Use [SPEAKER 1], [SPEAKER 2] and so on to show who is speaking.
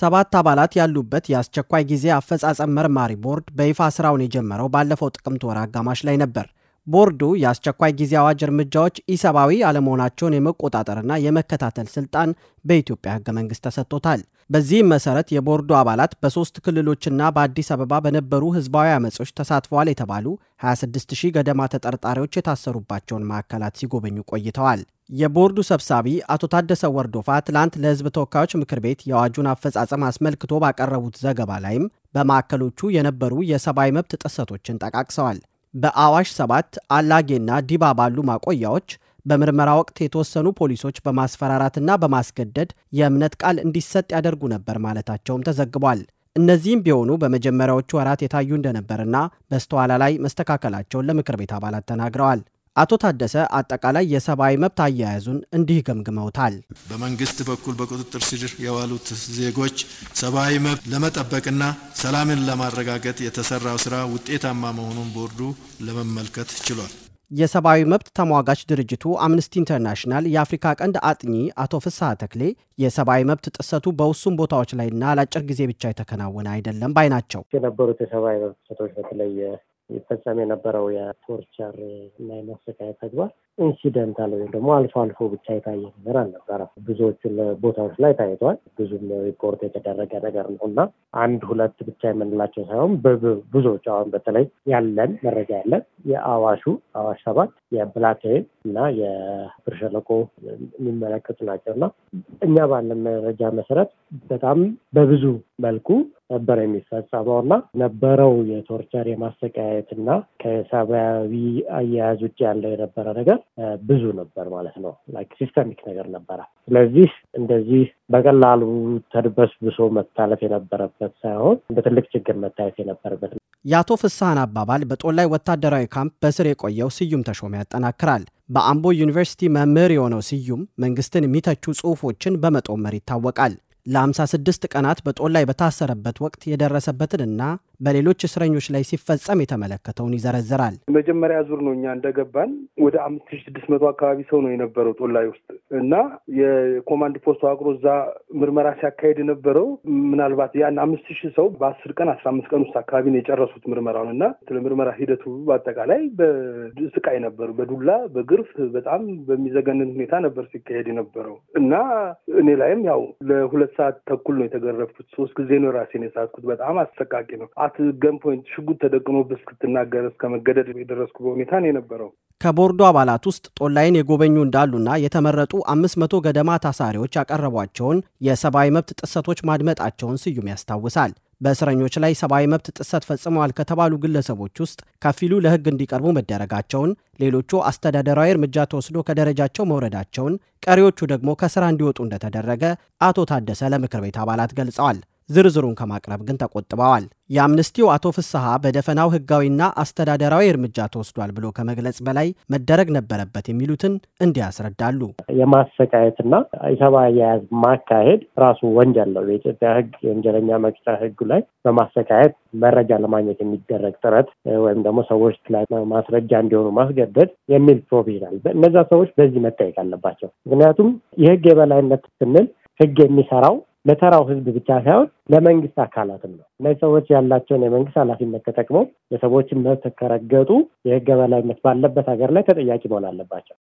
[SPEAKER 1] ሰባት አባላት ያሉበት የአስቸኳይ ጊዜ አፈጻጸም መርማሪ ቦርድ በይፋ ስራውን የጀመረው ባለፈው ጥቅምት ወር አጋማሽ ላይ ነበር። ቦርዱ የአስቸኳይ ጊዜ አዋጅ እርምጃዎች ኢሰብአዊ አለመሆናቸውን የመቆጣጠርና የመከታተል ስልጣን በኢትዮጵያ ህገ መንግሥት ተሰጥቶታል። በዚህም መሰረት የቦርዱ አባላት በሶስት ክልሎችና በአዲስ አበባ በነበሩ ህዝባዊ አመጾች ተሳትፈዋል የተባሉ 26 ሺህ ገደማ ተጠርጣሪዎች የታሰሩባቸውን ማዕከላት ሲጎበኙ ቆይተዋል። የቦርዱ ሰብሳቢ አቶ ታደሰ ወርዶፋ ትላንት ለህዝብ ተወካዮች ምክር ቤት የአዋጁን አፈጻጸም አስመልክቶ ባቀረቡት ዘገባ ላይም በማዕከሎቹ የነበሩ የሰብአዊ መብት ጥሰቶችን ጠቃቅሰዋል። በአዋሽ ሰባት አላጌና ዲባ ባሉ ማቆያዎች በምርመራ ወቅት የተወሰኑ ፖሊሶች በማስፈራራትና በማስገደድ የእምነት ቃል እንዲሰጥ ያደርጉ ነበር ማለታቸውም ተዘግቧል። እነዚህም ቢሆኑ በመጀመሪያዎቹ ወራት የታዩ እንደነበርና በስተኋላ ላይ መስተካከላቸውን ለምክር ቤት አባላት ተናግረዋል። አቶ ታደሰ አጠቃላይ የሰብአዊ መብት አያያዙን እንዲህ ገምግመውታል።
[SPEAKER 2] በመንግስት በኩል በቁጥጥር ስር የዋሉት ዜጎች ሰብአዊ መብት ለመጠበቅና ሰላምን ለማረጋገጥ የተሰራው ስራ ውጤታማ መሆኑን ቦርዱ ለመመልከት ችሏል።
[SPEAKER 1] የሰብአዊ መብት ተሟጋች ድርጅቱ አምነስቲ ኢንተርናሽናል የአፍሪካ ቀንድ አጥኚ አቶ ፍስሐ ተክሌ የሰብአዊ መብት ጥሰቱ በውሱን ቦታዎች ላይና ለአጭር ጊዜ ብቻ የተከናወነ አይደለም ባይ ናቸው።
[SPEAKER 3] የነበሩት የሰብአዊ መብት ጥሰቶች በተለይ ይፈጸም የነበረው የቶርቸር እና የማሰቃየት ተግባር
[SPEAKER 1] ኢንሲደንታል
[SPEAKER 3] ወይም ደግሞ አልፎ አልፎ ብቻ የታየ ነገር አልነበረ። ብዙዎቹ ቦታዎች ላይ ታይቷል። ብዙም ሪፖርት የተደረገ ነገር ነው እና አንድ ሁለት ብቻ የምንላቸው ሳይሆን ብዙዎች አሁን በተለይ ያለን መረጃ ያለን የአዋሹ አዋሽ ሰባት የብላቴ እና የብር ሸለቆ የሚመለከቱ ናቸው እና እኛ ባለን መረጃ መሰረት በጣም በብዙ መልኩ ነበር የሚፈጸመው እና ነበረው የቶርቸር የማሰቃየት እና ከሰብአዊ አያያዝ ውጭ ያለው የነበረ ነገር ብዙ ነበር ማለት ነው። ላይክ ሲስተሚክ ነገር ነበረ። ስለዚህ እንደዚህ በቀላሉ ተድበስብሶ መታለፍ የነበረበት ሳይሆን እንደ ትልቅ ችግር መታየት የነበረበት ነው።
[SPEAKER 1] የአቶ ፍስሐን አባባል በጦር ላይ ወታደራዊ ካምፕ በስር የቆየው ስዩም ተሾመ ያጠናክራል። በአምቦ ዩኒቨርሲቲ መምህር የሆነው ስዩም መንግስትን የሚተቹ ጽሁፎችን በመጦመር ይታወቃል። ለ56 ቀናት በጦር ላይ በታሰረበት ወቅት የደረሰበትንና በሌሎች እስረኞች ላይ ሲፈጸም የተመለከተውን ይዘረዝራል።
[SPEAKER 2] መጀመሪያ ዙር ነው እኛ እንደገባን ወደ አምስት ሺህ ስድስት መቶ አካባቢ ሰው ነው የነበረው ጦላይ ውስጥ እና የኮማንድ ፖስቱ አቅሮ እዛ ምርመራ ሲያካሄድ የነበረው ምናልባት ያን አምስት ሺህ ሰው በአስር ቀን አስራ አምስት ቀን ውስጥ አካባቢ ነው የጨረሱት ምርመራውን እና ስለ ምርመራ ሂደቱ በአጠቃላይ በስቃይ ነበር። በዱላ በግርፍ በጣም በሚዘገንን ሁኔታ ነበር ሲካሄድ የነበረው እና እኔ ላይም ያው ለሁለት ሰዓት ተኩል ነው የተገረፍኩት። ሶስት ጊዜ ነው ራሴን የሳትኩት። በጣም አሰቃቂ ነው። ሰዓት ገንፖይንት ሽጉጥ ተደቅኖበት እስክትናገር እስከ መገደድ የደረስኩ በሁኔታ ነው የነበረው።
[SPEAKER 1] ከቦርዱ አባላት ውስጥ ጦላይን የጎበኙ እንዳሉና የተመረጡ አምስት መቶ ገደማ ታሳሪዎች ያቀረቧቸውን የሰብአዊ መብት ጥሰቶች ማድመጣቸውን ስዩም ያስታውሳል። በእስረኞች ላይ ሰብአዊ መብት ጥሰት ፈጽመዋል ከተባሉ ግለሰቦች ውስጥ ከፊሉ ለሕግ እንዲቀርቡ መደረጋቸውን፣ ሌሎቹ አስተዳደራዊ እርምጃ ተወስዶ ከደረጃቸው መውረዳቸውን፣ ቀሪዎቹ ደግሞ ከስራ እንዲወጡ እንደተደረገ አቶ ታደሰ ለምክር ቤት አባላት ገልጸዋል። ዝርዝሩን ከማቅረብ ግን ተቆጥበዋል። የአምነስቲው አቶ ፍስሐ በደፈናው ህጋዊና አስተዳደራዊ እርምጃ ተወስዷል ብሎ ከመግለጽ በላይ መደረግ ነበረበት የሚሉትን እንዲህ ያስረዳሉ።
[SPEAKER 3] የማሰቃየትና የሰባ አያያዝ ማካሄድ ራሱ ወንጀል ነው። የኢትዮጵያ ህግ የወንጀለኛ መቅጫ ህጉ ላይ በማሰቃየት መረጃ ለማግኘት የሚደረግ ጥረት ወይም ደግሞ ሰዎች ላይ ማስረጃ እንዲሆኑ ማስገደድ የሚል ፕሮቪዥናል እነዛ ሰዎች በዚህ መጠየቅ አለባቸው። ምክንያቱም የህግ የበላይነት ስንል ህግ የሚሰራው ለተራው ህዝብ ብቻ ሳይሆን ለመንግስት አካላትም ነው። እነዚህ ሰዎች ያላቸውን የመንግስት ኃላፊነት ተጠቅመው የሰዎችን መብት ከረገጡ የህገ በላይነት ባለበት ሀገር ላይ ተጠያቂ መሆን አለባቸው።